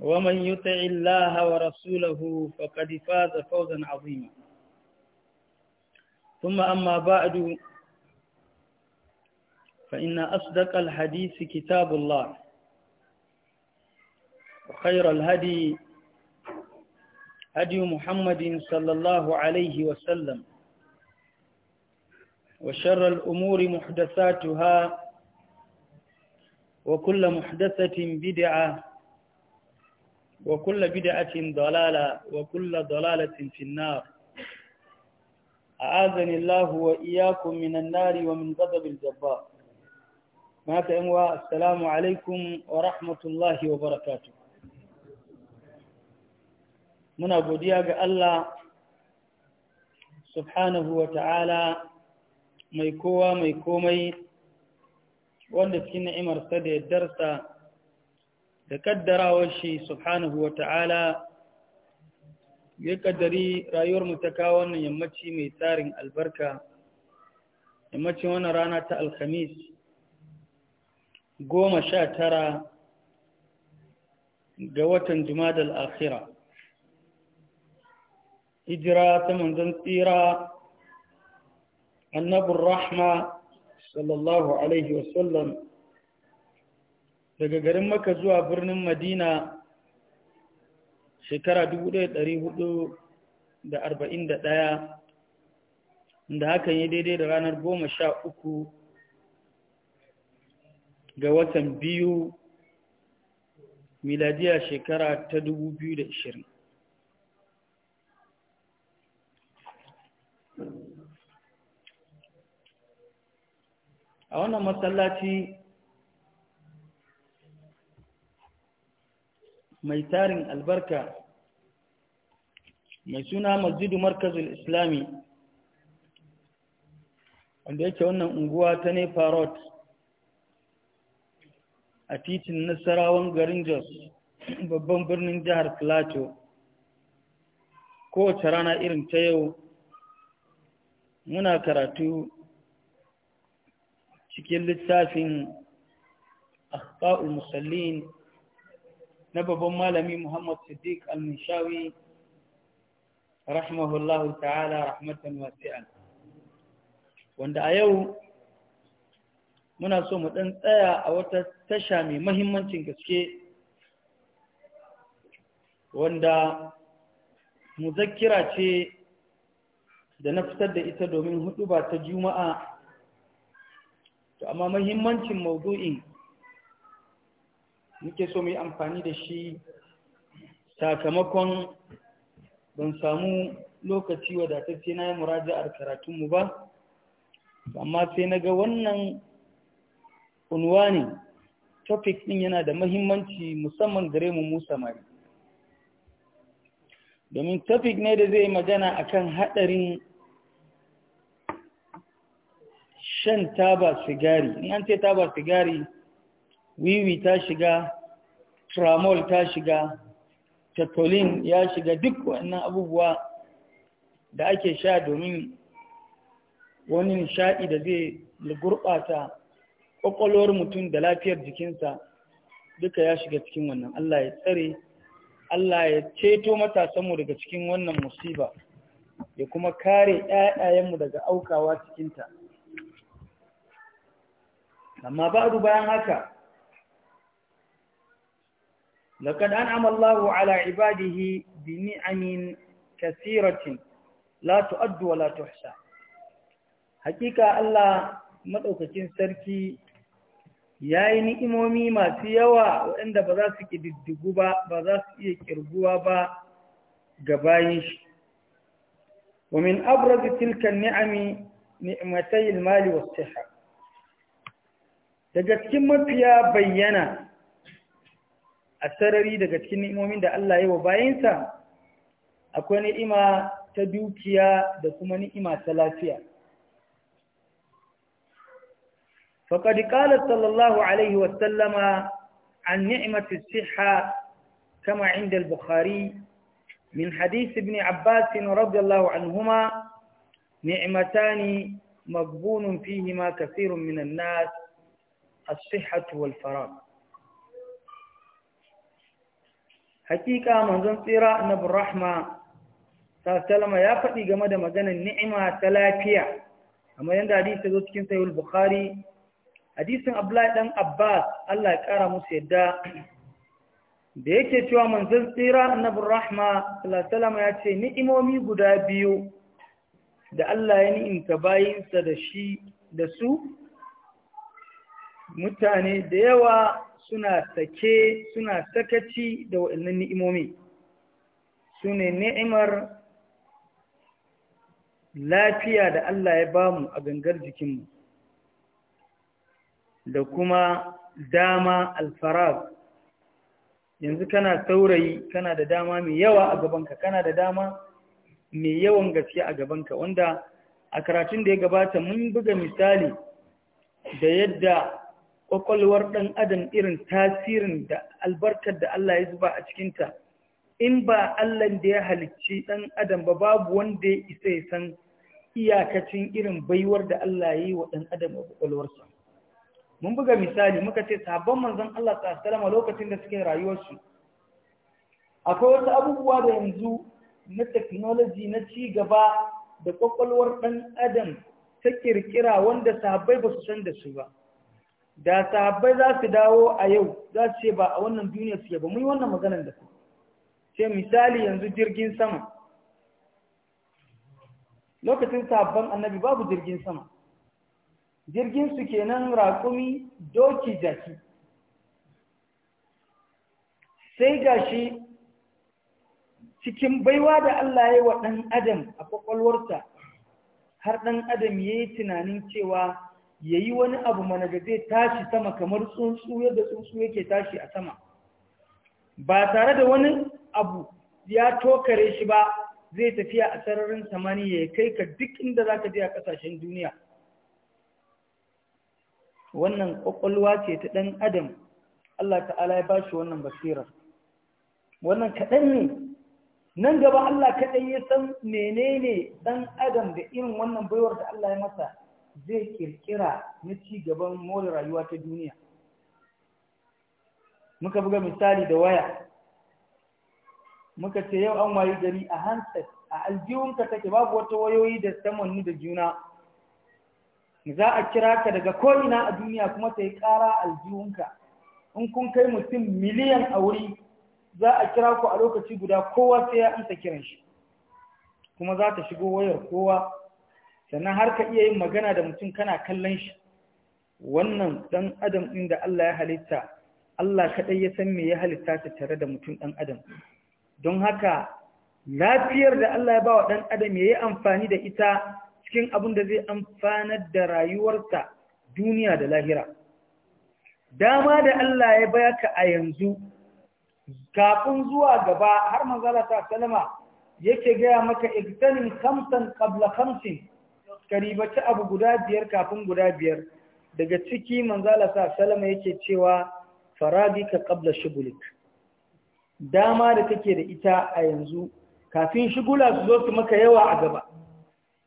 ومن يطع الله ورسوله فقد فاز فوزا عظيما ثم أما بعد فإن أصدق الحديث كتاب الله وخير الهدي هدي محمد صلى الله عليه وسلم وشر الأمور محدثاتها وكل محدثة بدعة wa kulla bid'atin dalala wa kulla dalalatin finnar a'azani Allahu wa iyyakum minan wa min ghadabil jabbar ma ta yanwa assalamu alaikum wa rahmatullahi wa barakatu. muna godiya ga Allah subhanahu wa ta'ala mai kowa mai komai wanda cikin ni'imar sa da yaddarsa da kaddara wa shi subhanahu wa ta'ala ya kaddari rayuwar mu ta kawo wannan yammaci mai tsarin albarka yammacin wannan rana ta alhamis goma sha tara ga watan jumadal akhira hijira ta manzan tsira annabin rahma sallallahu alaihi wasallam daga garin maka zuwa birnin madina shekara 1441 da hakan yi daidai da ranar 13 ga watan biyu miladiya shekara ta 2020 a wannan matsalaci mai tarin albarka mai suna masjidu markazul islami wanda yake wannan unguwa ta nepa road a titin nasarawan garin jos babban birnin jihar plateau kowace rana irin ta yau muna karatu cikin littafin akpa'ul musallin na babban malami Muhammad Siddiq al-Nishawi rahimahullahu ta'ala rahmatan wasi'an wanda a yau muna so mu ɗan tsaya a wata tasha mai mahimmancin gaske wanda muzakkira ce da na fitar da ita domin hudu ba ta juma'a to amma mahimmancin maudu'in nike so mu yi amfani da shi sakamakon ban samu lokaci wadatacce na yi muraja'ar karatunmu ba amma sai na ga wannan ne. topic ɗin yana da mahimmanci musamman gare mu musa mari domin topic ne da zai magana akan haɗarin shan taba sigari in an ce taba sigari wiwi ta shiga tramol ta shiga tetolin ya shiga duk wannan abubuwa da ake sha domin wani nishaɗi da zai gurɓata ƙwaƙwalwar mutum da lafiyar jikinsa duka ya shiga cikin wannan Allah ya tsare Allah ya ceto matasanmu daga cikin wannan musiba ya kuma kare ɗayayenmu daga aukawa cikinta amma babu bayan haka لقد أنعم الله على عباده بنعم كثيرة لا تؤد ولا تحصى حقيقة الله مدوكتين سركي ya yi ni'imomi masu yawa waɗanda ba za su ƙididdigu ba ba iya ƙirguwa ba ga bayan shi ومن أبرز تلك النعم نعمتي المال والصحة daga cikin mafiya bayyana a sarari daga cikin ni'imomin da Allah ya wa bayansa akwai ni'ima ta dukiya da kuma ni'ima ta lafiya faqad qala sallallahu alaihi wa sallama an ni'mati siha kama inda al-bukhari min hadisi ibn abbas radiyallahu anhuma ni'imatani maghbunun fihima kathirun minan nas as-sihhatu wal hakika manzon tsira annabi rahma sallama ya faɗi game da maganar ni'ima ta lafiya amma yanda hadisi zo cikin sahih bukhari hadisin abdullahi dan abbas Allah ya kara musu yadda da yake cewa manzon tsira annabi rahma sallama ya ce ni'imomi guda biyu da Allah ya ni'imta bayinsa da shi da su mutane da yawa suna sake suna sakaci da waɗannan ni'imomi su ne ni'imar lafiya da Allah ya bamu a gangar jikinmu da kuma dama alfarar yanzu kana saurayi kana da dama mai yawa a gabanka kana da dama mai yawan gaske a gabanka wanda a karatun da ya gabata mun buga misali da yadda kwakwalwar ɗan adam irin tasirin da albarkar da Allah ya zuba a cikinta in ba Allah da ya halicci ɗan adam ba babu wanda ya isa ya san iyakacin irin baiwar da Allah ya yi wa ɗan adam a kwakwalwarsa mun buga misali muka ce sabon manzon Allah salama lokacin da suke rayuwarsu akwai wasu abubuwa da yanzu na technology na ci gaba da kwakwalwar ɗan adam ta kirkira wanda sahabbai ba su san da su ba da sahabbai za su dawo a yau za su ce ba a wannan duniya suke ba mu yi wannan maganar da ku ce misali yanzu jirgin sama lokacin sahabban annabi babu jirgin sama jirgin su kenan raƙumi doki jaki sai gashi cikin baiwa da Allah ya yi wa ɗan adam a ƙwaƙwalwarta, har ɗan adam ya yi tunanin cewa ya yi wani abu mana da zai tashi sama kamar tsuntsu yadda tsuntsu yake tashi a sama ba tare da wani abu ya tokare shi ba zai tafiya a sararin samaniya ya kai ka duk inda za ka je a ƙasashen duniya wannan ƙwaƙwalwa ce ta ɗan adam Allah ta'ala ya ba shi wannan basirar wannan kaɗan ne nan gaba Allah kaɗai ya san menene ɗan adam da irin wannan baiwar da Allah ya masa zai kirkira na ci gaban more rayuwa ta duniya muka buga misali da waya muka ce yau an wayi gari a hanset a aljihunka take babu wata wayoyi da samannu da juna za a kira ka daga ko'ina a duniya kuma ta yi ƙara aljihunka in kun kai mutum miliyan a wuri za a kira ku a lokaci guda kowa sai ya amsa kiran shi kuma za ta shigo wayar kowa sannan har ka iya yin magana da mutum kana kallon shi wannan ɗan adam ɗin da Allah ya halitta Allah kaɗai ya san me ya halitta ta tare da mutum ɗan adam don haka lafiyar da Allah ya ba wa ɗan adam ya yi amfani da ita cikin abin da zai amfanar da rayuwarsa duniya da lahira dama da Allah ya baka a yanzu kafin zuwa gaba har manzala ta salama yake gaya maka igtanin kamsan qabla kamsin karibaci abu guda biyar kafin guda biyar daga ciki manzala sa salama yake cewa ka kabla shugulik dama da take da ita a yanzu kafin shugula su zo su maka yawa a gaba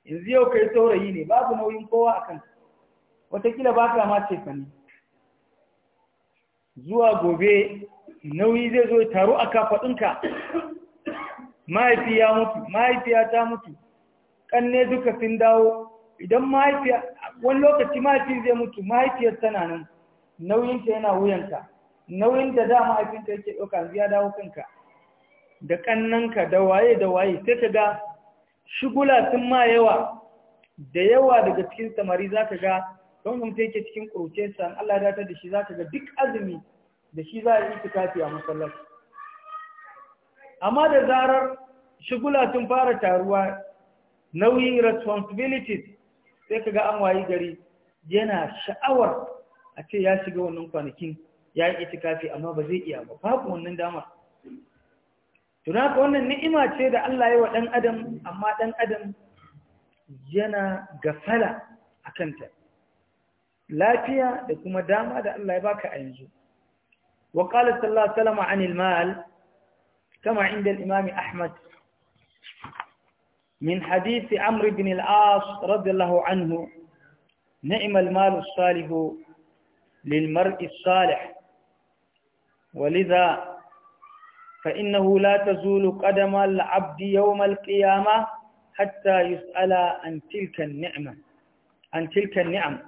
yanzu yau kai saurayi ne babu nauyin kowa a kan watakila ba ka ma sani zuwa gobe nauyi zai zo taru a kafaɗinka mahaifi ya mutu mahaifiya ta mutu kanne duka sun dawo idan mahaifiya wani lokaci mahaifi zai mutu mahaifiyar tana nan nauyinta yana wuyanka nauyin da da mahaifinta yake ɗauka ya dawo kanka da ka da waye da waye sai ka ga shigula sun ma yawa da yawa daga cikin samari za ka ga don mutum yake cikin ƙurcensa Allah ya da shi za ka ga duk azumi da shi za a yi tukafi a masallaci amma da zarar shugula sun fara taruwa nauyin responsibilities sai kaga an wayi gari yana sha'awar a ce ya shiga wannan kwanakin ya yi itikafi amma ba zai iya ba babu wannan damar tuna ka wannan ni'ima ce da Allah ya wa ɗan adam amma ɗan adam yana gafala a kanta lafiya da kuma dama da Allah ya baka a yanzu wa qala sallallahu alaihi wasallam anil mal kama inda al-imam ahmad من حديث عمرو بن العاص رضي الله عنه نعم المال الصالح للمرء الصالح ولذا فإنه لا تزول قدم العبد يوم القيامة حتى يسأل عن تلك النعمة عن تلك النعم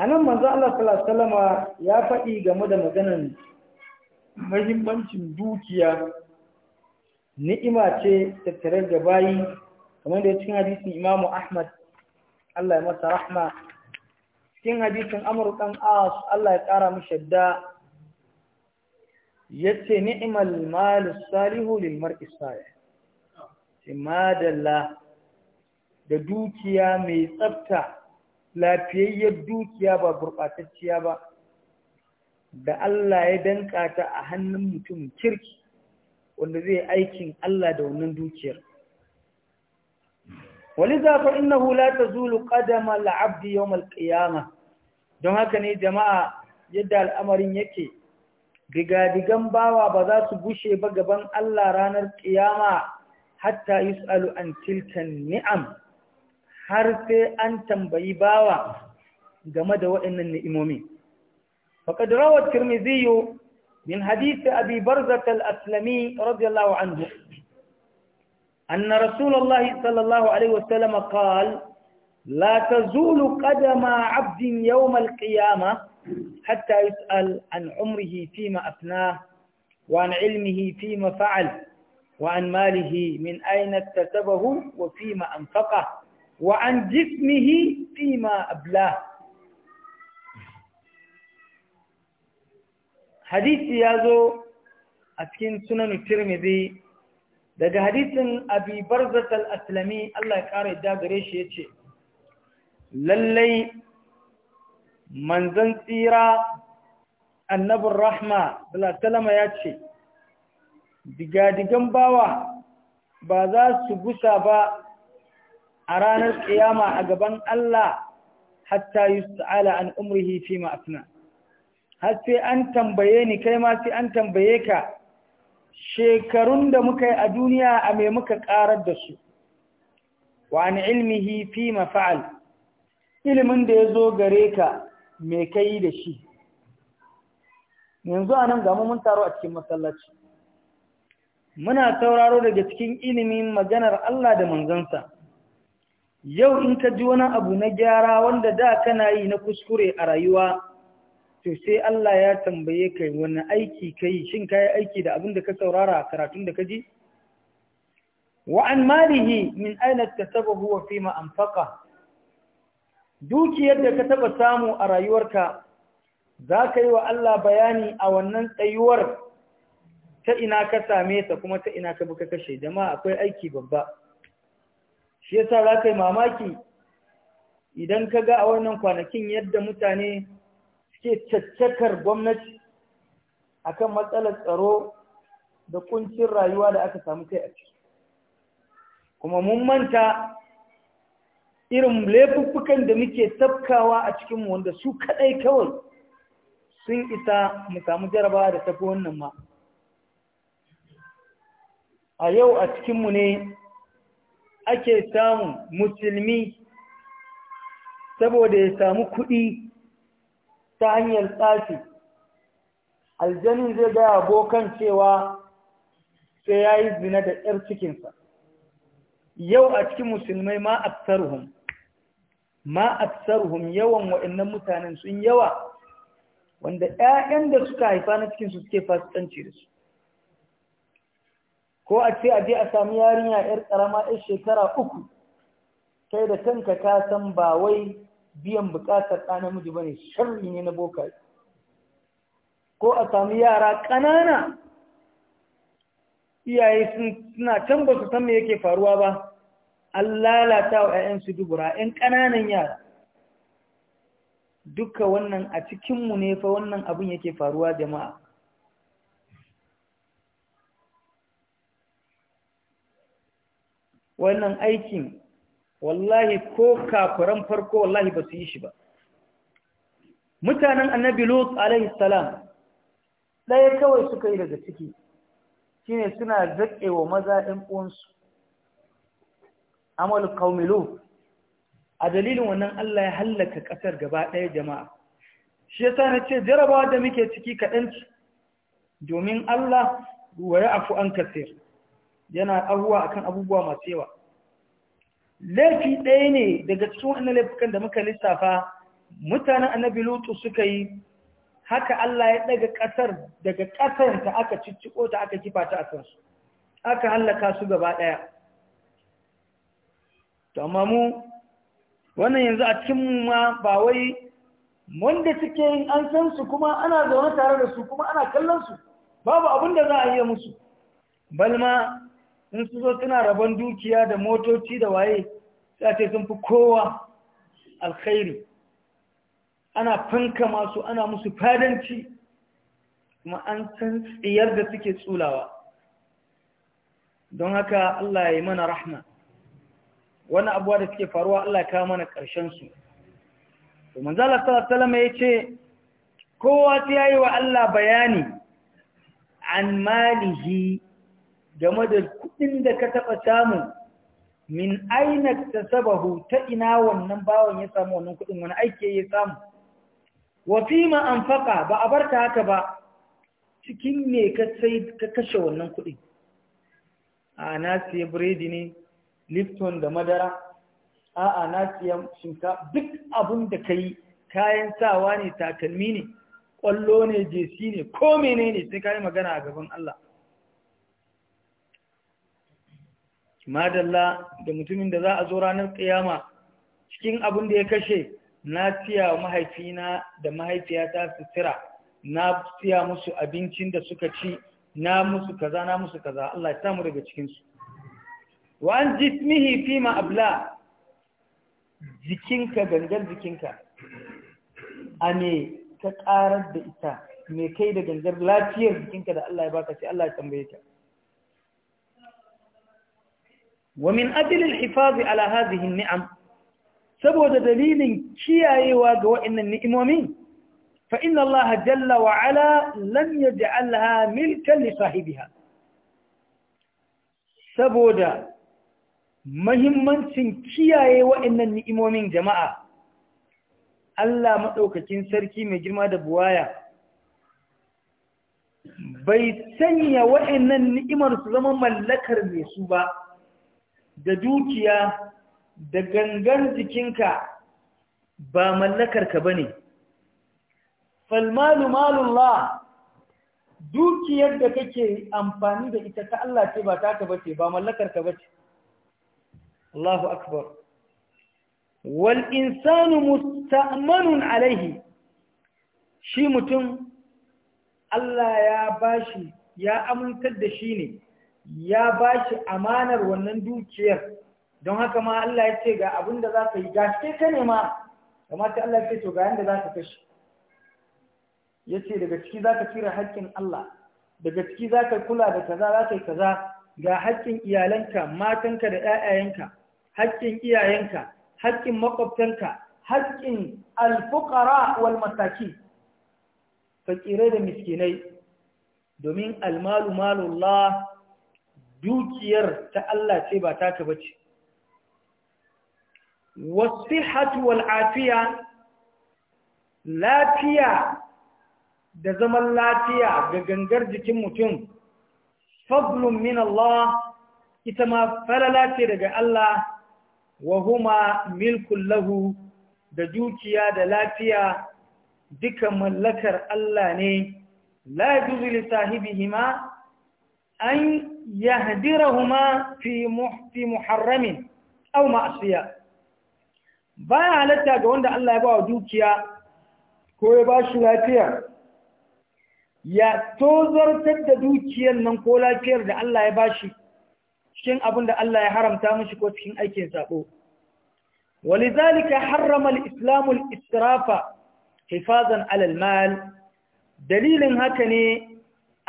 أنا ما manzo صلى الله عليه وسلم يا faɗi جمد da maganan muhimmancin dukiya ni'ima ce tattare da bayi kamar da cikin hadisin Imam Ahmad Allah ya masa rahma cikin hadisin Amr dan As Allah ya kara mu shadda yace ni'mal mal salihu lil mar'i salih madalla da dukiya mai tsafta lafiyayyar dukiya ba gurbatacciya ba da Allah ya danka a hannun mutum kirki wanda zai aikin Allah da wannan dukiyar waliza fa innahu la tazulu qadama al-abd yawm al don haka ne jama'a yadda al'amarin yake digadigan bawa ba za su gushe ba gaban Allah ranar ƙiyama hatta yus'alu an tilkan ni'am har sai an tambayi bawa game da waɗannan ni'imomi faqad rawat من حديث أبي برزة الأسلمي رضي الله عنه أن رسول الله صلى الله عليه وسلم قال لا تزول قدم عبد يوم القيامة حتى يسأل عن عمره فيما أفناه وعن علمه فيما فعل وعن ماله من أين اكتسبه وفيما أنفقه وعن جسمه فيما أبلاه hadisi ya zo a cikin sunan tirmidhi daga hadisin abi barzat al-aslami Allah ya kare da gare shi yace lallai manzon tsira annabin rahma salama ya ce digadigan bawa ba za su gusa ba a ranar kiyama a gaban Allah hatta yi su'ala an umrihi fi ma'afina har sai an tambaye ni kai ma sai an tambaye ka shekarun da muka yi a duniya a mai muka karar da su wa ni ilmihi fi mafa'al ilimin da ya zo gare ka me kai da shi yanzu a nan gamu mun taro a cikin masallaci muna sauraro daga cikin ilimin maganar Allah da manzansa yau in ka ji wani abu na gyara wanda da kana yi na kuskure a rayuwa to sai Allah ya tambaye kai wani aiki kai shin ka yi aiki da abin da ka saurara a karatun da ka ji wa marihi malihi min aina ta huwa fima ma’amfaka dukiyar da ka taba samu a rayuwarka za ka yi wa Allah bayani a wannan tsayuwar ta ina ka same ta kuma ta ina ka buka kashe jama'a akwai aiki babba shi yasa za ka yi mamaki idan ka ga a wannan kwanakin yadda mutane suke caccakar gwamnati akan matsalar tsaro da kuncin rayuwa da aka samu kai a ciki kuma mun manta irin laifuffukan da muke tafkawa a cikinmu wanda su kaɗai kawai sun isa mu samu jaraba da tafi wannan ma a yau a cikinmu ne ake samun musulmi saboda ya samu kuɗi ta hanyar tsafi aljanin zai gaya abokan cewa sai ya yi zina da ƴar cikinsa yau a cikin musulmai ma aksaruhum ma aksaruhum yawan wa'annan mutanen sun yawa wanda ‘ya'yan da suka haifa na cikinsu suke fasikanci da su ko a ce a je a sami yarinya ƴar ƙarama ‘yar shekara uku kai da kanka ta san ba wai biyan bukatar ɗa namiji ba ne sharri ne na boka ko a sami yara ƙanana iyaye suna can ba su san me yake faruwa ba an lalata wa 'ya'yansu dubura 'yan ƙananan yara duka wannan a cikinmu ne fa wannan abin yake faruwa jama'a wannan aikin wallahi ko kafiran farko wallahi ba su yi shi ba mutanen annabi lut alaihi salam ɗaya kawai suka yi daga ciki shine suna zaƙewa maza ɗan uwansu amal Kaumilu a dalilin wannan Allah ya hallaka ƙasar gaba ɗaya jama'a shi yasa ce jarabawa da muke ciki kaɗan domin Allah wa ya'fu an kasir yana ahuwa akan abubuwa masu yawa laifi ɗaya ne daga cikin wannan laifukan da muka lissafa mutanen annabi lutu suka yi haka Allah ya ɗaga ƙasar daga ƙasar ta aka cicciko ta aka kifa ta a kansu aka hallaka su gaba ɗaya to amma mu wannan yanzu a cikin ma ba wai wanda suke yin an san su kuma ana zaune tare da su kuma ana kallon su babu abin da za a iya musu balma in su zo suna rabon dukiya da motoci da waye sai ce sun fi kowa alkhairi ana fanka masu ana musu fadanci kuma an san tsiyar da suke tsulawa don haka Allah ya yi mana rahma wani abuwa da suke faruwa Allah ya kawo mana ƙarshensu to da salama ya ce kowa ta yi wa Allah bayani an malihi game da kuɗin da ka taba samu min aina ta sabahu ta ina wannan bawan ya samu wannan kuɗin wani aiki ya samu Wafi ma anfaka ba a bar ta haka ba cikin me ka sai ka kashe wannan kuɗin a na siya biredi ne lifton da madara a'a na siya shinka duk abin da ka yi kayan sawa ne takalmi ne ƙwallo ne jesi ne ko menene sai ka yi magana a gaban Allah madalla da mutumin da za a zo ranar ƙiyama cikin abin da ya kashe na tiya mahaifina da mahaifiyata sutura na tiya musu abincin da suka ci na musu kaza na musu kaza Allah ya samu daga cikinsu wa an jismihi fi ma'abla jikinka gangan jikinka a ne ta ƙarar da ita me kai da gangar lafiyar jikinka da Allah ya baka sai Allah ya tambaye ta wa min ajilil hifazi ala hazihin ni'am saboda dalilin kiyayewa ga wa'annan ni'imomi fa inna Allah jalla wa ala lam yaj'alha milkan li saboda mahimmancin kiyaye wa'annan ni'imomin jama'a Allah maɗaukakin sarki mai girma da buwaya bai sanya wa'annan ni'imar su zama mallakar mai su ba da dukiya da gangan jikinka ba mallakarka ba ne falmalu malullah dukiyar da kake amfani da ita ta Allah ce ba ta ba ce ba mallakarka ba ce Allahu akbar wal insanu musta'manun alaihi shi mutum Allah ya bashi ya amintar da shi ne ya ba shi amanar wannan dukiyar don haka ma Allah ya ce ga abin da za ka yi gaske ka ne ma ta Allah ya ce to ga yadda za ka kashe ya ce daga ciki za ka cire haƙƙin Allah daga ciki za ka kula da kaza za ka yi kaza ga haƙƙin iyalanka matanka da ‘ya'yayenka haƙƙin iyayenka haƙƙin maƙwabtanka haƙƙin alfukara wal masaki fakirai da miskinai domin almalu malullah dukiyar ta Allah ce ba ta taba ce wasihatu wal afiya lafiya da zaman lafiya ga gangar jikin mutum fadlun min Allah ita ma falala ce daga Allah wa huma milkun lahu da dukiya da lafiya duka mallakar Allah ne la yuzu sahibi hima. an yahdirahuma fi fi muharramin aw ma'siya baya halatta ga wanda Allah ya ba wa dukiya ko ya ba shi lafiya ya tozartar da dukiyar nan ko lafiyar da Allah ya ba shi cikin abin da Allah ya haramta mishi ko cikin aikin sako walizalika harrama al-islamu al-israfa hifazan ala dalilin haka ne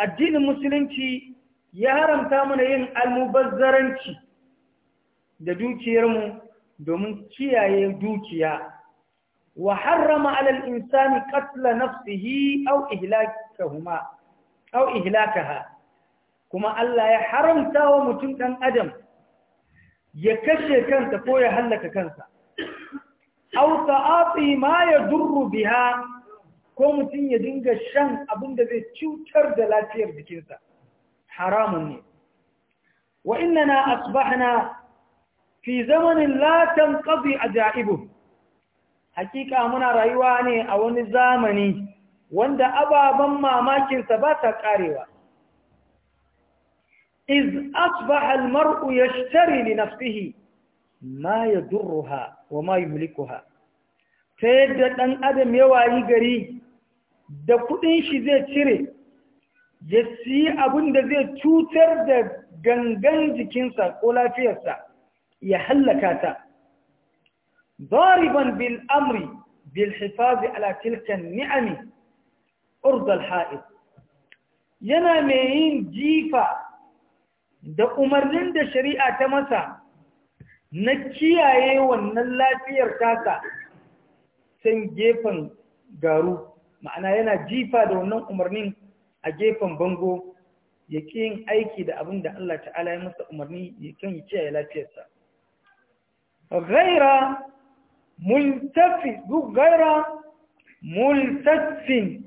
addinin musulunci ya haramta mana yin almubazzaranci da dukiyarmu domin kiyaye dukiya wa harrama alal insani qatla nafsihi aw ihlakahuma aw ihlakaha kuma Allah ya haramta wa mutum dan adam ya kashe kansa ko ya hallaka kansa aw ta'ati ma yadurru biha ko mutum ya dinga shan abin da zai cutar da lafiyar jikinsa haramun ne wa innana asbahna fi zamanin la tanqadi ajaibuhu hakika muna rayuwa ne a wani zamani wanda ababen mamakinsa ba ta karewa iz asbaha almar'u yashtari li nafsihi ma yadurruha wa ma yuhlikuha ta yadda ɗan adam ya wayi gari da kuɗin shi zai cire ya ci abin da zai cutar da gangan jikinsa ko lafiyarsa ya hallaka ta ضاربا بالأمر بالحفاظ على تلك النعم أرض الحائط yana mai yin jifa da umarnin da shari'a ta masa na kiyaye wannan lafiyar tasa san gefen garu ma'ana yana jifa da wannan umarnin a gefen bango ya ƙi yin aiki da abin da Allah ta'ala ya masa umarni ya kan yi kiyaye lafiyarsa. Gaira multafi, gaira multafin,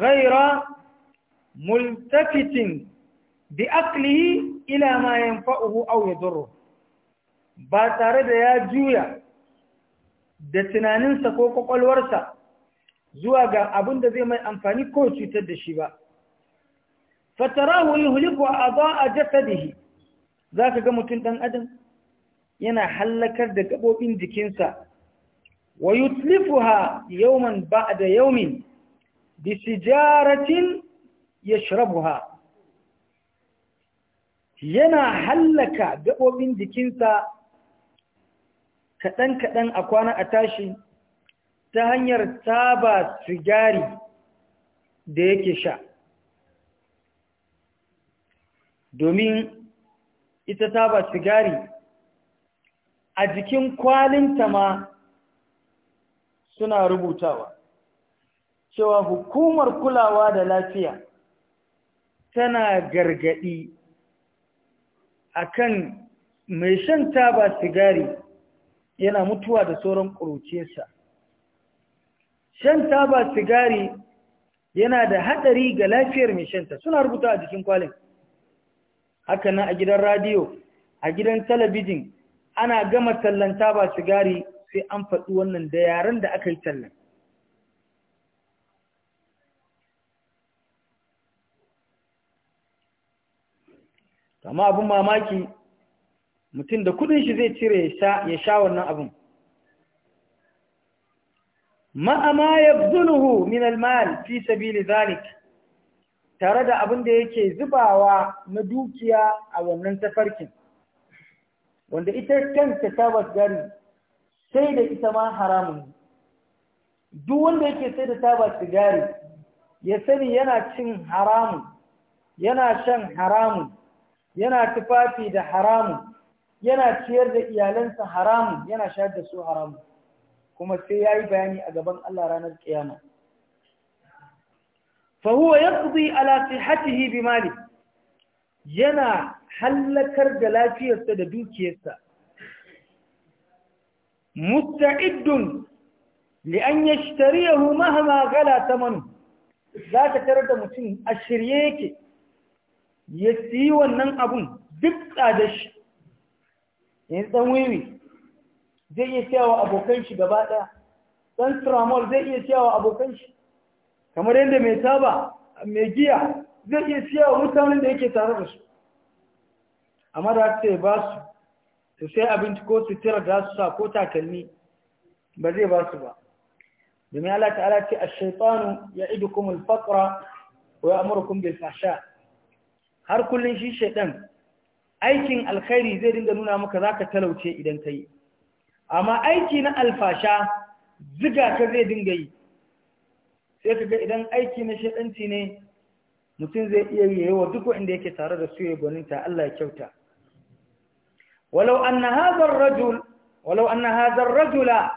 gaira multafitin bi aklihi ila ma au ya ba tare da ya juya da tunaninsa ko kwakwalwarsa zuwa ga abin da zai mai amfani ko cutar da shi ba fatarahu da shi jasadihi zaka ga mutum ɗan adam yana hallakar da gaɓoɓin jikinsa wa yutlifuha yawman ba'da yawmin bi sijaratin yashrabuha yana hallaka gaɓoɓin jikinsa kaɗan-kaɗan a kwana a tashi ta hanyar taba sigari da yake sha domin ita taba sigari a jikin kwalinta ma suna rubutawa cewa hukumar kulawa da lafiya tana gargadi akan mai shan taba sigari yana mutuwa da sauran ƙuruciyarsa shan taba sigari yana da haɗari ga lafiyar mai shanta suna rubuta a jikin kwalin haka nan a gidan radiyo a gidan talabijin ana gama tallan taba sigari sai an faɗi wannan da yaren da aka yi tallan amma abin mamaki mutum da kudin shi zai cire ya sha wannan abin ma'a ma yabduluhu min almal fi sabili zalik tare da abin da yake zubawa na dukiya a wannan tafarkin wanda ita kanta tabar gari sai da ita ma haramun duk wanda yake sai da tabar sigari ya sani yana cin haramun yana shan haramun yana tufafi da haramun yana ciyar da iyalansa haramun yana shayar da su haramun kuma sai ya yi bayani a gaban Allah ranar ƙiyama. Fahuwa ya kuzi alafi hatihi bi mali yana hallakar da lafiyarsa da dukiyarsa. Musta'iddun li'an ya shitariyahu mahama gala ta manu, za ka tarar da mutum a shirye yake, ya siyi wannan abun duk tsadashi, yin wiwi. zai iya cewa abokan shi gaba ɗaya ɗan tramol zai iya cewa abokan shi kamar yadda mai taba mai giya zai iya cewa mutanen da yake tare da su amma da aka ba su su sai abinci ko tira da su sa ko takalmi ba zai ba su ba domin Allah ta'ala ce a idu kuma alfakura ko ya wa kuma bai fasha. har kullum shi shaidan aikin alkhairi zai dinga nuna maka zaka talauce idan yi. amma aiki na alfasha ziga ka zai dinga yi sai ka ga idan aiki na shaɗanci ne mutum zai iya yi duk wanda yake tare da su ya gwaninta Allah ya kyauta walau anna hadhar rajul walau anna hadhar rajula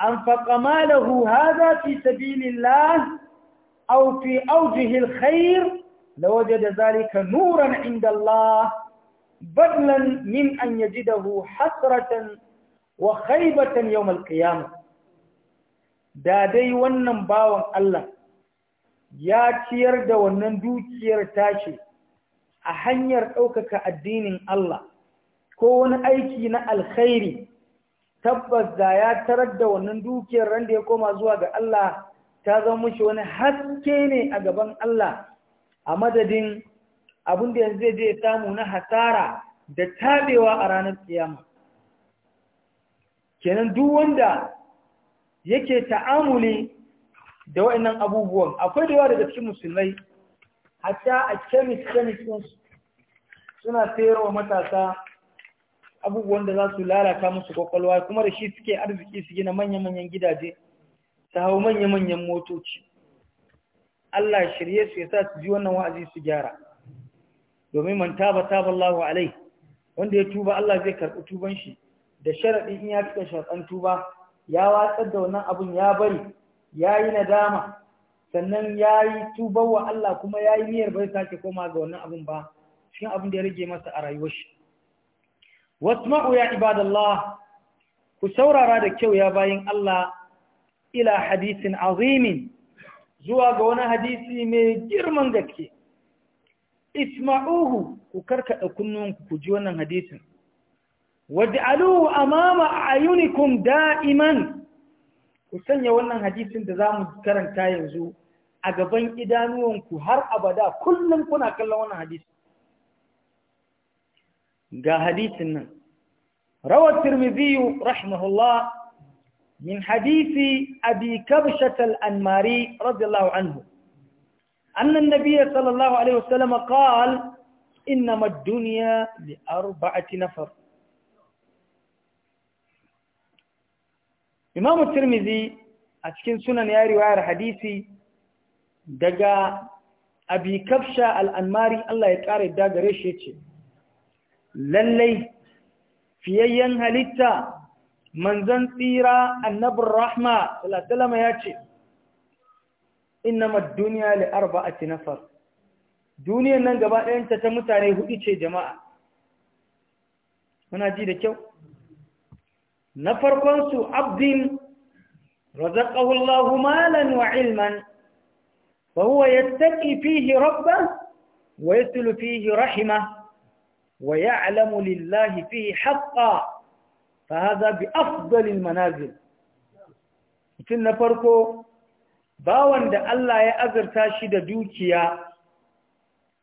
anfaqa malahu hadha fi sabilillah aw fi awjihi alkhair lawajada ka nuran inda Allah badlan min an yajidahu hasratan wa khaibatan yawmal qiyamah da dai wannan bawan Allah ya ciyar da wannan dukiyar tashi a hanyar ɗaukaka addinin Allah ko wani aiki na alkhairi tabbas da ya tarar da wannan dukiyar ran da ya koma zuwa ga Allah ta zama mushi wani haske ne a gaban Allah a madadin abin da yanzu zai je samu na hasara da tabewa a ranar kiyama kenan duk wanda yake ta'amuli da wa'annan abubuwan akwai da yawa daga cikin musulmai hatta a chemist chemist suna sayarwa matasa abubuwan da za su lalata musu kwakwalwa kuma da shi suke arziki su gina manya-manyan gidaje su hau manya-manyan motoci Allah shirye su ya sa su ji wannan wa'azi su gyara domin manta ba taba Allahu alai wanda ya tuba Allah zai karɓi tuban shi da sharaɗi in ya cika sharaɗan tuba ya watsar da wannan abun ya bari ya yi nadama sannan ya yi tubar wa Allah kuma ya yi niyyar bai sake koma ga wannan abun ba cikin abin da ya rage masa a rayuwar shi wasma'u ya ibadallah ku saurara da kyau ya bayin Allah ila hadisin azimin zuwa ga wani hadisi mai girman gaske isma'uhu ku karkada kunnuwanku ku ji wannan hadisin واجعلوه أمام أعينكم دائما وسنيا ونن حديث انت كرن كاين زو أغبن إدانوهم كهر أبدا كلن كنا كلا ونن حديث غا حديث روى الترمذي رحمه الله من حديث أبي كبشة الأنماري رضي الله عنه أن النبي صلى الله عليه وسلم قال إنما الدنيا لأربعة نفر Imam Tirmidhi a cikin sunan ya riwayar hadisi daga Abi Kafsha al-Anmari Allah ya kare da gare shi yace lallai fiyayyen halitta manzon tsira annabin rahma sallallahu ya ce innamad duniya li arba'ati nafar duniyan nan gaba ɗayanta ta mutane hudu ce jama'a muna ji da kyau na farkon su abdin razaƙahullahu Allahu malan wa ilman fa huwa yattaqi fihi rabbah wa yaslu fihi rahima, wa alamu lillahi fihi haqqan fa hadha bi afdalil manazil mutum na farko bawan da Allah ya azurta shi da dukiya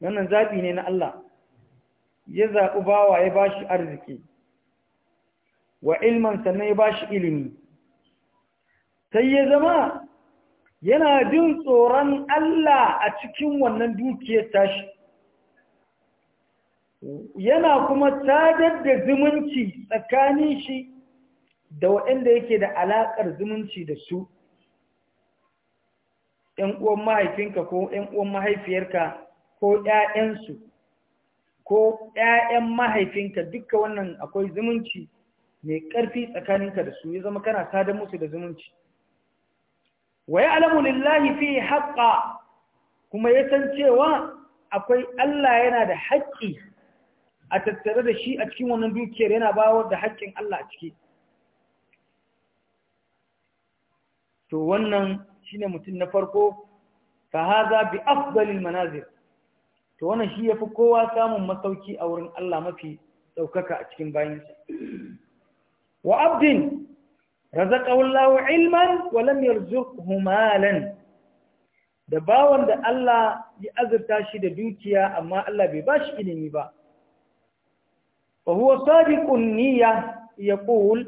wannan zaɓi ne na Allah ya zaɓi bawa ya ba shi arziki wa ilman sannan ya bashi ilimi sai ya zama yana jin tsoron Allah a cikin wannan dukiyar tashi yana kuma tadar da zumunci tsakanin shi da waɗanda yake da alaƙar zumunci da su ‘yan uwan mahaifinka ko ‘yan uwan mahaifiyarka ko ‘ya'yansu ko ‘ya'yan mahaifinka duka wannan akwai zumunci mai ƙarfi tsakaninka da su ya zama kana sadar musu da zumunci wa ya alamu lillahi fi haƙa kuma ya san cewa akwai Allah yana da haƙƙi a tattare da shi a cikin wannan dukiyar yana bawar da haƙƙin Allah a ciki to wannan shine mutum na farko fa haza bi afdalil manazir to wannan shi yafi kowa samun masauki a wurin Allah mafi daukaka a cikin bayansa wa abdin razaqahu Allahu ilman wa lam da bawan da Allah ya azurta shi da dukiya amma Allah bai ba shi ilimi ba fa huwa sadiqun niyya yaqul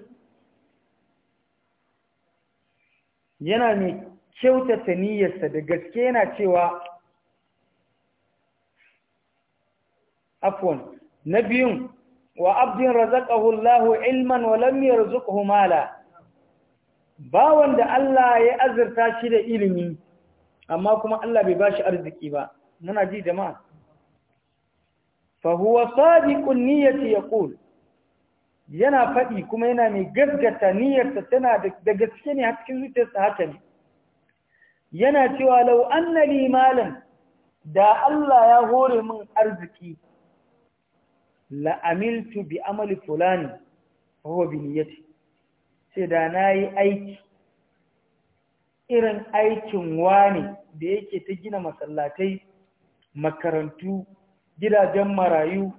yana mai kyautata niyyarsa da gaske yana cewa afwan na biyun wa abdin razaqahu Allah ilman wa lam yarzuqhu mala Ba wanda Allah ya azurta shi da ilimi amma kuma Allah bai bashi arziki ba muna ji jama'a fa huwa sadiqun niyyati yaqul yana faɗi kuma yana mai gaskata niyyarsa tana da gaske ne a cikin zuciyarsa haka ne yana cewa law annali malam da Allah ya hore min arziki la'amiltu bi amali fulani wa bi niyyati sai da nayi aiki irin aikin wani da yake ta gina masallatai makarantu gidajen marayu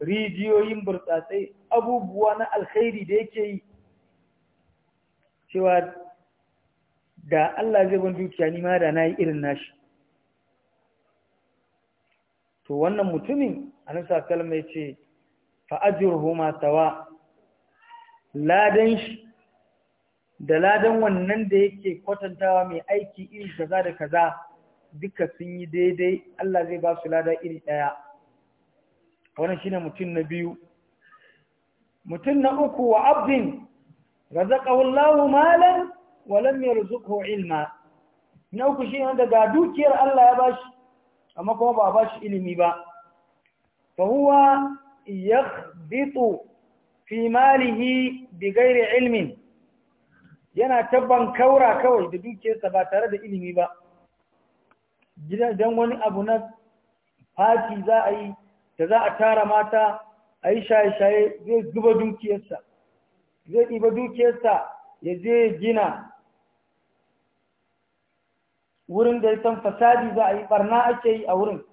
rijiyoyin burtsatsai abubuwa na alkhairi da yake yi cewa da Allah zai ban dukiya ni ma da nayi irin nashi to wannan mutumin annabi sallallahu ce fa'ajirhuma sawa ladan shi da ladan wannan da yake kwatantawa mai aiki iri kaza da kaza duka sun yi daidai Allah zai ba su lada iri ɗaya wannan shine mutum na biyu mutum na uku wa abdin razaqahu malan wa lam yarzuqhu ilma na uku shi wanda ga dukiyar Allah ya bashi amma kuma ba a shi ilimi ba fa huwa yakhbitu fi malihi bi ghairi ilmin yana tabban kaura kawai da dukiyarsa ba tare da ilimi ba gidan wani abu na fati za a yi da za a tara mata a yi shaye-shaye zai zuba dukiyarsa zai ɗiba dukiyarsa ya je gina wurin da ya san fasadi za a yi ɓarna ake yi a wurin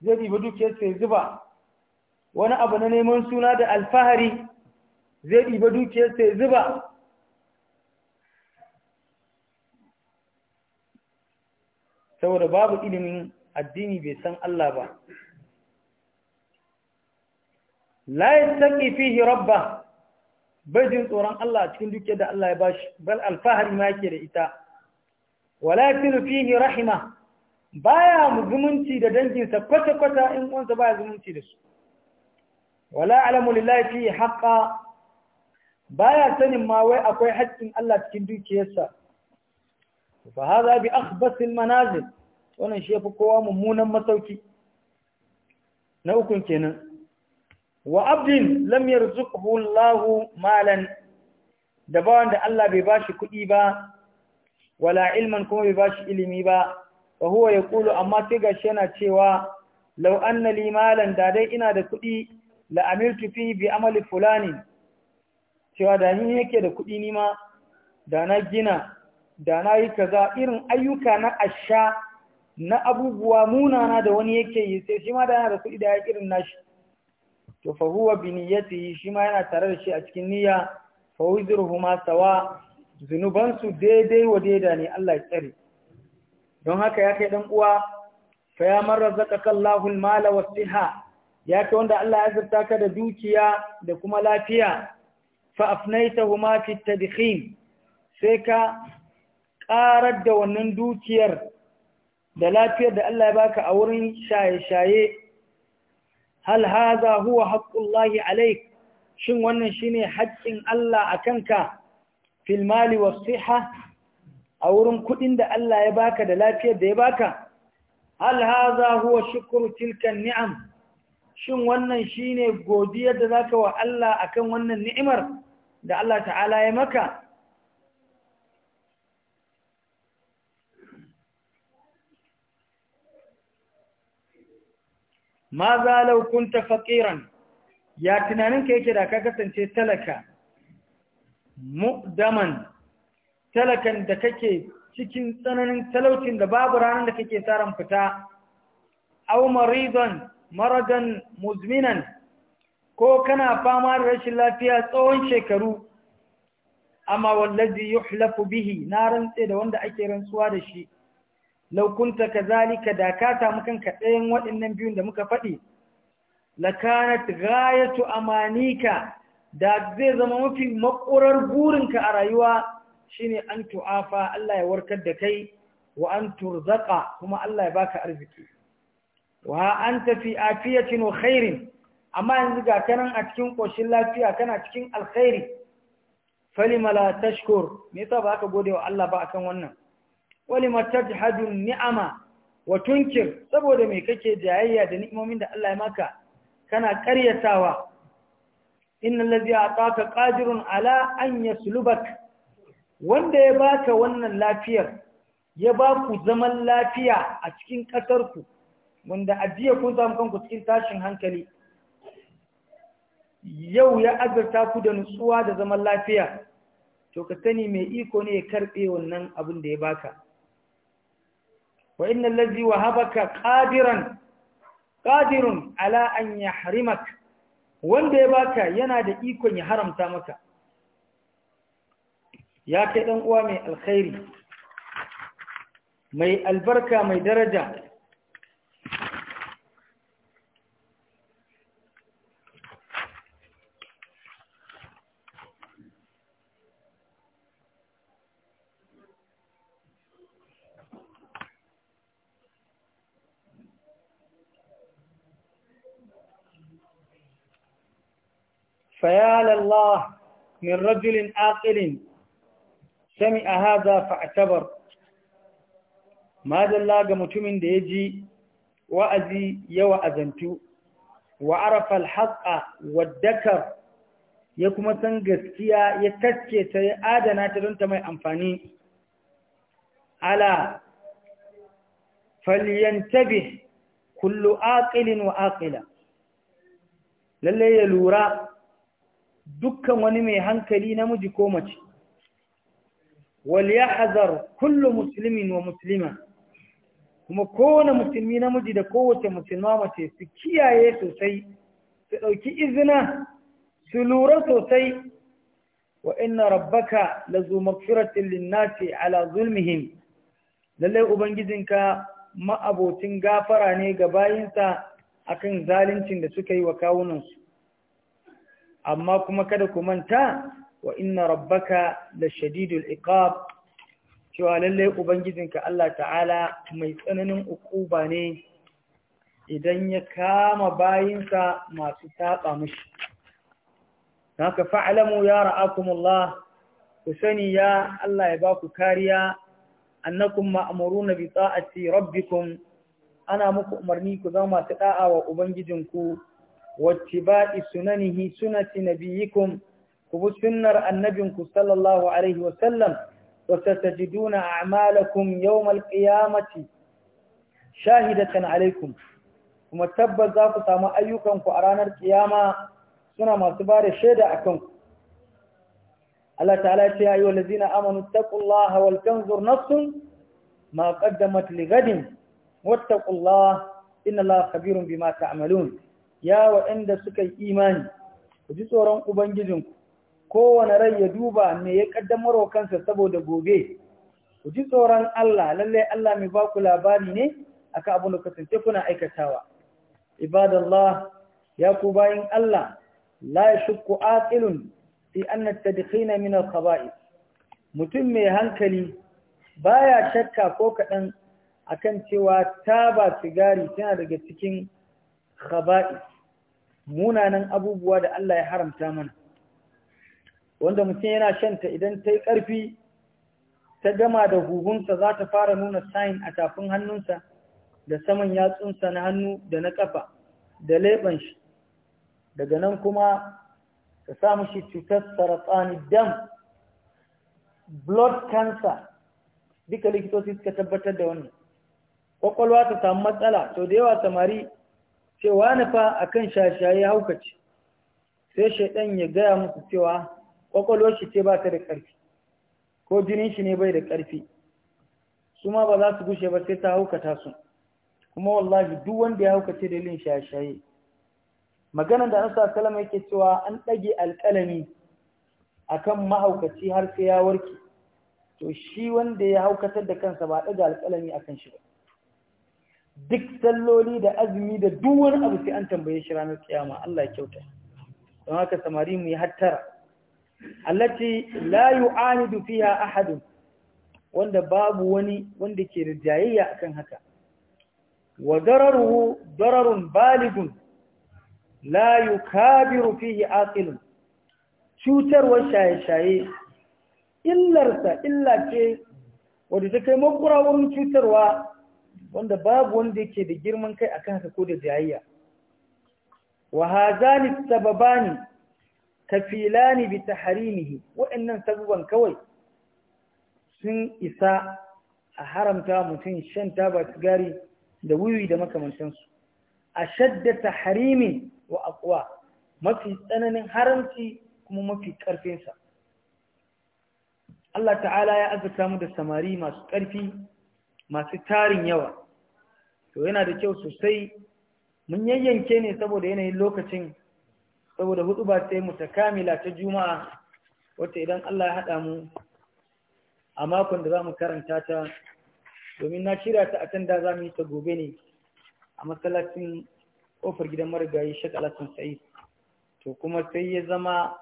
zai ɗiba dukiyarsa ya zuba wani abu na neman suna da alfahari zai ɗiba dukiyar sai zuba saboda babu ilimin addini bai san Allah ba la yattaqi fihi rabba bai jin tsoron Allah cikin dukiyar da Allah ya bashi bal alfahari ma yake da ita walakin fihi rahima baya zumunci da danginsa kwata-kwata in uwansa baya zumunci da su wala alamu lillahi fi haqqa baya sanin ma wai akwai haƙƙin Allah cikin dukiyarsa fa hada bi akhbath al manazil wannan shi fa kowa mummunan masauki na ukun kenan wa abdin lam yarzuqhu Allah malan da ba wanda Allah bai bashi kuɗi ba wala ilman kuma bai bashi ilimi ba fa huwa yaqulu amma sai gashi yana cewa law anna li malan da dai ina da kuɗi la'amiltu fi bi amali fulani cewa da ni yake da kuɗi nima da na gina da na yi kaza irin ayyuka na asha na abubuwa munana da wani yake yi sai shi ma da yana da kuɗi da irin nashi to fa huwa bi niyyatihi shi ma yana tare da shi a cikin niyya fa wizruhuma sawa zunubansu daidai wa daida ne Allah ya tsare don haka ya kai dan uwa fa ya marrazaka Allahu al-mala was ya ka wanda Allah ya zarta ka da dukiya da kuma lafiya fa huma fi tadkhim sai ka ƙarar da wannan dukiyar da lafiyar da Allah ya baka a wurin shaye-shaye hal haza huwa haqqullahi alayk shin wannan shine haƙƙin Allah akanka fil mali was siha a wurin kudin da Allah ya baka da lafiyar da ya baka hal haza huwa shukru tilka ni'am shin wannan shine godiyar da zaka wa Allah akan wannan ni'imar da Allah ta'ala ya maka ma za lau kunta faqiran ya ka yake da ka kasance talaka mu'daman talakan da kake cikin tsananin talaucin da babu ranar da kake tsaron fita aw maridan maradan muzminan ko kana fama da rashin lafiya tsawon shekaru amma wallazi yuhlafu bihi na rantse da wanda ake rantsuwa da shi Laukunta kunta kadhalika da ka samu kanka ɗayan waɗannan biyun da muka faɗi lakanat ghayatu amanika da zai zama mafi makurar burinka a rayuwa shine an tu'afa Allah ya warkar da kai wa an turzaqa kuma Allah ya baka arziki wa an tafi afiyatin wa khairin amma yanzu ga kanan a cikin ƙoshin lafiya kana cikin alkhairi falima la tashkur me yasa ba ka gode wa Allah ba akan wannan walima tajhadu ni'ama wa tunkir saboda me kake jayayya da ni'imomin da Allah ya maka kana karyatawa inna ladhi ataka qadirun ala an yaslubak wanda ya baka wannan lafiyar ya ba ku zaman lafiya a cikin ƙasarku ku wanda ajiya kun samu kanku cikin tashin hankali yau ya azurta ku da nutsuwa da zaman lafiya to ka sani mai iko ne ya karɓe wannan abin da ya baka wa innal ladzi wahabaka qadiran qadirun ala an yahrimak wanda ya baka yana da ikon ya haramta maka ya kai dan uwa mai alkhairi mai albarka mai daraja فيا لله من رجل عاقل سمع هذا فاعتبر ما دلّا ga mutumin da yaji wa'azi yawa azantu wa arafa al wadakar ya kuma san gaskiya ya tace ta ya adana ta don ta mai amfani ala falyantabi' kullu aqilin wa aqila lalle ya lura dukkan wani mai hankali namiji ko mace wal yahzar kullu muslimin wa muslima kuma kowane musulmi namiji da kowace musulma mace su kiyaye sosai su ɗauki izina su lura sosai wa inna rabbaka la zu magfiratin linnasi ala zulmihim lallai ubangijinka ma'abocin gafara ne ga bayinsa akan zaluncin da suka yi wa kawunansu amma kuma kada ku manta wa inna rabbaka shadidul iqab cewa lalle ubangijinka Allah ta'ala mai tsananin ukuba ne idan ya kama bayinsa masu saba mishi haka fa'alamu ya ra'akumullah ku sani ya Allah ya ba ku kariya annakum ma'muruna bi ta'ati rabbikum ana muku umarni ku zama masu da'a wa ubangijinku واتباع سننه سنة نبيكم كبو سنر النبي صلى الله عليه وسلم وستجدون أعمالكم يوم القيامة شاهدة عليكم kuma tabbas za ku samu ayyukanku a ranar ƙiyama suna masu ba da shaida a kanku. Allah ta'ala ce ya yi wa lazina amanu taqullaha wal tanzur nafsun ma qaddamat li ghadin bima ta'malun ya waɗanda suka yi imani ku ji tsoron ubangijinku kowane rai ya duba me ya kaddamar wa kansa saboda gobe ku ji tsoron Allah lallai Allah mai ba ku labari ne ka abin da kasance kuna aikatawa ibadallah ya ku bayin Allah la yashku aqilun fi anna tadkhina min al khabai mutum mai hankali baya shakka ko kadan akan cewa taba sigari tana daga cikin khaba'i munanan abubuwa da Allah ya haramta mana wanda mutum yana shanta idan ta yi ƙarfi ta gama da huhunsa za ta fara nuna sayin a tafin hannunsa da saman yatsunsa na hannu da na ƙafa da leɓen shi daga nan kuma ta samu shi cutar saratsani dam blood cancer duka likitoci suka tabbatar da wannan kwakwalwa ta samu matsala sau da yawa samari cewa na fa akan shashaye haukace sai shaidan ya gaya musu cewa kwakwalwar shi ce ba ta da ƙarfi ko jinin shi ne bai da ƙarfi su ma ba za su gushe ba sai ta haukata su kuma wallahi duk wanda ya haukace dalilin shashaye maganar da ansa salama yake cewa an ɗage alƙalami akan mahaukaci har sai ya warke to shi wanda ya haukatar da kansa ba ɗaga alƙalami akan shi ba duk salloli da azumi da duk wani abu sai an tambaye shi ranar kiyama Allah ya kyauta don haka samari mu yi hattara allati la yu'anidu fiha ahad wanda babu wani wanda ke da jayayya akan haka wa dararuhu dararun baligun la yukabiru fihi aqilun cutarwar shaye-shaye illarsa illa ce wanda ta kai makura wurin cutarwa wanda babu wanda yake da girman kai akan haka ko da jayayya wa hazani sababani kafilani bi tahrimihi wa'annan sababan kawai sun isa a haramta mutum shan taba sigari da wiwi da su ashadda tahrimi wa aqwa mafi tsananin haramci kuma mafi ƙarfinsa. Allah ta'ala ya azurta mu da samari masu ƙarfi masu tarin yawa to yana da kyau sosai mun yayyanke ne saboda yanayin lokacin saboda hudu ba sai mu ta kamila ta juma'a wata idan Allah ya haɗa mu a makon da za mu karanta ta domin na shirya ta a can da za mu yi ta gobe ne a masallacin kofar gidan marigayi shakalatin sai to kuma sai ya zama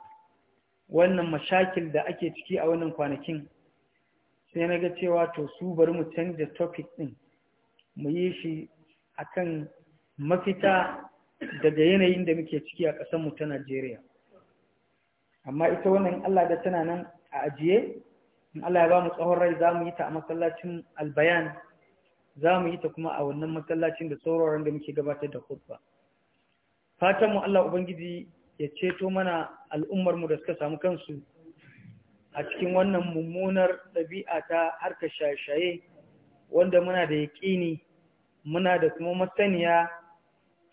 wannan mashakil da ake ciki a wannan kwanakin sai na ga cewa to su bari mu canza topic ɗin mu yi shi akan mafita daga yanayin da muke ciki a mu ta Najeriya. Amma ita wannan Allah da tana nan a ajiye, in Allah ya ba mu tsawon rai za mu yi ta a masallacin albayan, za mu yi ta kuma a wannan masallacin da sauraron da muke gabatar da khutba. Fatanmu Allah Ubangiji ya ceto mana al'ummarmu da suka samu kansu a cikin wannan mummunar ɗabi'a ta harkar shaye-shaye wanda muna da yaƙini muna da kuma masaniya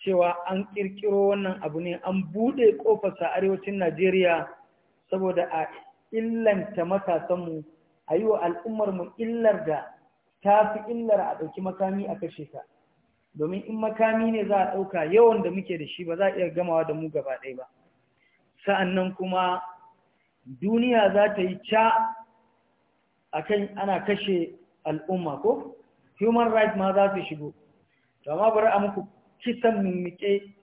cewa an ƙirƙiro wannan abu ne an buɗe ƙofarsa arewacin Najeriya saboda a illanta matasanmu a yi wa al'ummarmu illar da ta fi illar a ɗauki makami a kashe ta, domin in makami ne za a ɗauka yawan da muke da shi ba za a iya gamawa da mu gaba ɗaya ba Sa'annan kuma duniya za ta yi ca a kan ana kashe al'umma ko human rights ma za su shigo amma bari a muku kisan mimike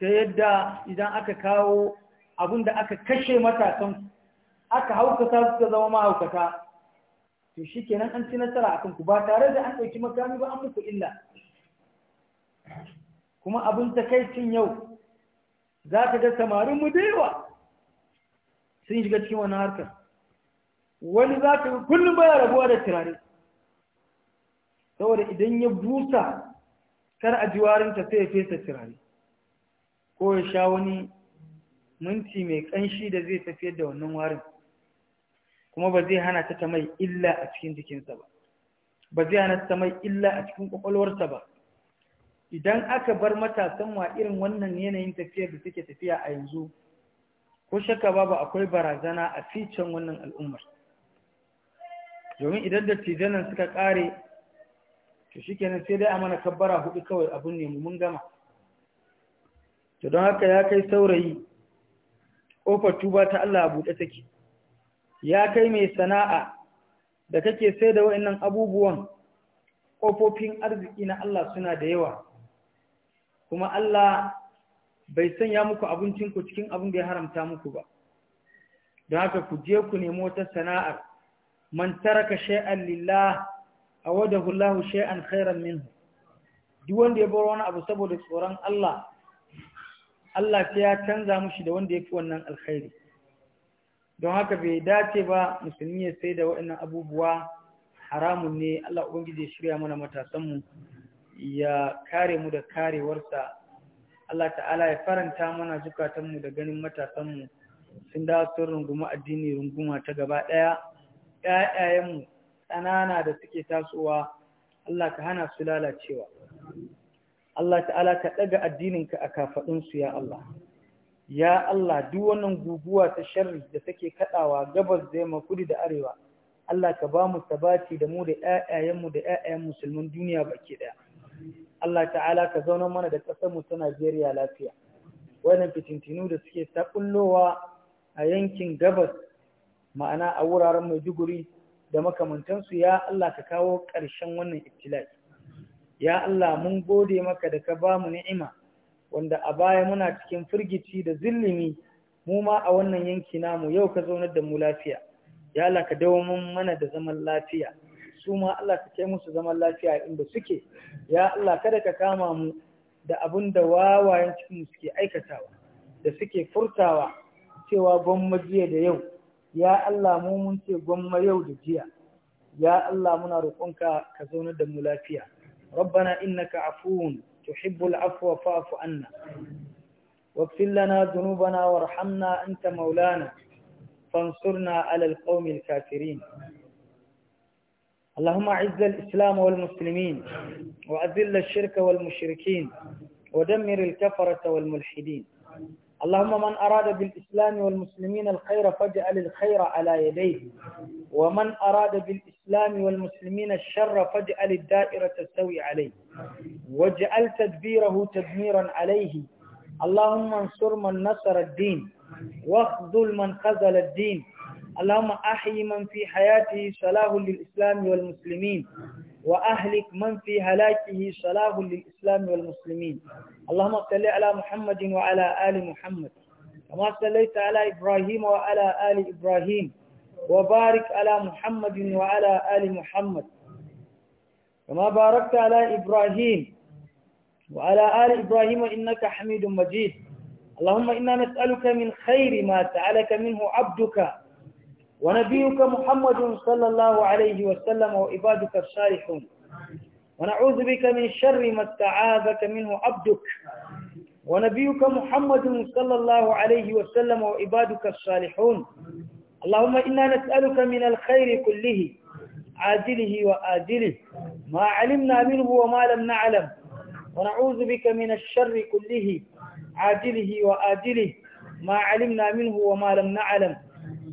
ta yadda idan aka kawo da aka kashe matakan aka haukata suka zama mahaukata to shi kenan an ci nasara a kanku ba tare da an ɗauki makami ba an muku illa kuma abin takaicin yau za ka ga samarin mu da yawa sun shiga cikin wani harkar wani za ka kullum baya rabuwa da turare saboda idan ya busa kar a ta sai ya fesa turare ko ya sha wani minti mai kanshi da zai tafiyar da wannan warin kuma ba zai hana ta ta mai illa a cikin jikinsa ba ba zai hana ta mai illa a cikin kwakwalwarsa ba idan aka bar matasan wa irin wannan yanayin tafiyar da suke tafiya a yanzu ko shakka babu akwai barazana a ficen wannan al'ummar domin idan dattijanan suka kare to shikenan sai dai a mana kabbara hudu kawai abun ne mun gama to don haka ya kai saurayi ƙofar tuba ta Allah a buɗe take ya kai mai sana'a da kake sai da wa'annan abubuwan kofofin arziki na Allah suna da yawa kuma Allah bai sanya muku abincin ku cikin abin da ya haramta muku ba don haka ku je ku nemi wata sana'ar man taraka shay'an lillah awadahu Allahu shay'an khairan minhu duk wanda ya bar wani abu saboda tsoron Allah Allah sai ya canza mushi da wanda yake wannan alkhairi don haka bai dace ba musulmi ya sai da waɗannan abubuwa haramun ne Allah ubangiji ya shirya mana matasanmu ya kare mu da karewarsa Allah ta'ala ya faranta mana zukatanmu da ganin matasanmu sun dawo sun runguma addini runguma ta gaba ɗaya ƴaƴayenmu tsanana da suke tasowa Allah ka hana su lalacewa Allah ta'ala ka ɗaga addininka a kafaɗinsu ya Allah ya Allah duk wannan guguwa ta sharri da take kaɗawa gabas da yamma kudu da arewa Allah ka ba mu sabati da mu da ƴaƴayenmu da ƴaƴayen musulman duniya baki ɗaya Allah ta'ala ka zauna mana da ƙasar mu ta Najeriya lafiya wannan fitintinu da suke ta a yankin gabas ma'ana a wuraren Maiduguri da makamantansu ya Allah ka kawo ƙarshen wannan ibtila'i ya Allah mun gode maka da ka ba mu ni'ima wanda a baya muna cikin firgici da zillimi mu ma a wannan yanki namu yau ka zaunar da mu lafiya ya Allah ka dawo mun mana da zaman lafiya su ma Allah ka kai musu zaman lafiya inda suke ya Allah kada ka kama mu da abin da wawayen cikin suke aikatawa da suke furtawa cewa gwamma jiya da yau ya Allah mu mun ce gwamma yau da jiya ya Allah muna roƙonka ka zauna da mu lafiya rabbana innaka afuwun tuhibbul afwa fa'fu anna واغفر لنا ذنوبنا وارحمنا أنت مولانا فانصرنا على القوم الكافرين اللهم أعز الإسلام والمسلمين وأذل الشرك والمشركين ودمر الكفرة والملحدين اللهم من أراد بالإسلام والمسلمين الخير فاجعل الخير على يديه ومن أراد بالإسلام والمسلمين الشر فاجعل الدائرة تستوي عليه واجعل تدبيره تدميرا عليه اللهم انصر من نصر الدين واخذل من خذل الدين اللهم أحي من في حياته صلاه للإسلام والمسلمين وأهلك من في هلاكه صلاه للإسلام والمسلمين اللهم صل على محمد وعلى آل محمد كما صليت على إبراهيم وعلى آل إبراهيم وبارك على محمد وعلى آل محمد كما باركت على إبراهيم وعلى آل إبراهيم إنك حميد مجيد اللهم إنا نسألك من خير ما سألك منه عبدك ونبيك محمد صلى الله عليه وسلم وعبادك الصالحون ونعوذ بك من شر ما استعاذك منه عبدك ونبيك محمد صلى الله عليه وسلم وعبادك الصالحون اللهم إنا نسألك من الخير كله عاجله وآجله ما علمنا منه وما لم نعلم ونعوذ بك من الشر كله عاجله وآجله ما علمنا منه وما لم نعلم